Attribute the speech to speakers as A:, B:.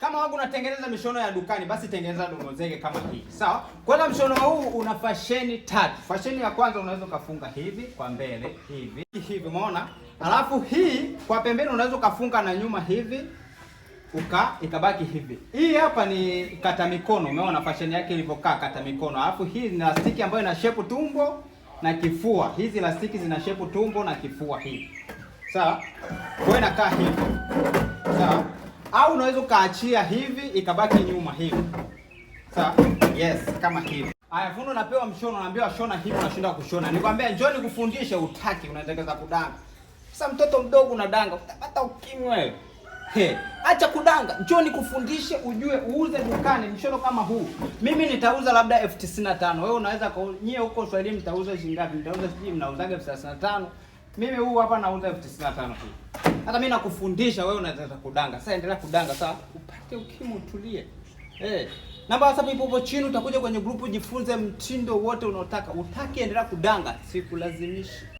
A: Kama wangu unatengeneza mishono ya dukani, basi tengeneza domozege kama hii, sawa? Kwa hiyo mshono huu una fasheni tatu. Fasheni ya kwanza unaweza ukafunga hivi kwa mbele hivi hivi, umeona? Alafu hii kwa pembeni unaweza ukafunga na nyuma hivi uka ikabaki hivi. Hii hapa ni kata mikono, umeona fasheni yake ilivyokaa, kata mikono. Alafu hii ni lastiki ambayo ina shape tumbo na kifua. Hizi lastiki zina shape tumbo na kifua hivi, sawa? Kwa hiyo inakaa hivi au unaweza ukaachia hivi ikabaki nyuma hivi. Sawa? Yes, kama hivi. Haya, fundi unapewa mshono, unaambiwa shona hivi, unashinda kushona. Nikwambia njoo nikufundishe, utaki unaendeleza kudanga. Sasa mtoto mdogo unadanga, utapata ukimwi wewe. He, acha kudanga, njoo nikufundishe ujue uuze dukani mshono kama huu. Mimi nitauza labda elfu tisini na tano. Wewe unaweza kwa nyie huko Swahili mtauza shilingi ngapi? Mtauza sijui mnauzaga elfu thelathini na tano. Mimi huu hapa nauza elfu tisini na tano tu. Hata mimi nakufundisha wewe unaweza kudanga. Sasa endelea kudanga sasa upate ukimu utulie. Eh. Namba ya WhatsApp ipo hapo chini utakuja kwenye grupu jifunze mtindo wote unaotaka. Utaki endelea kudanga, sikulazimisha.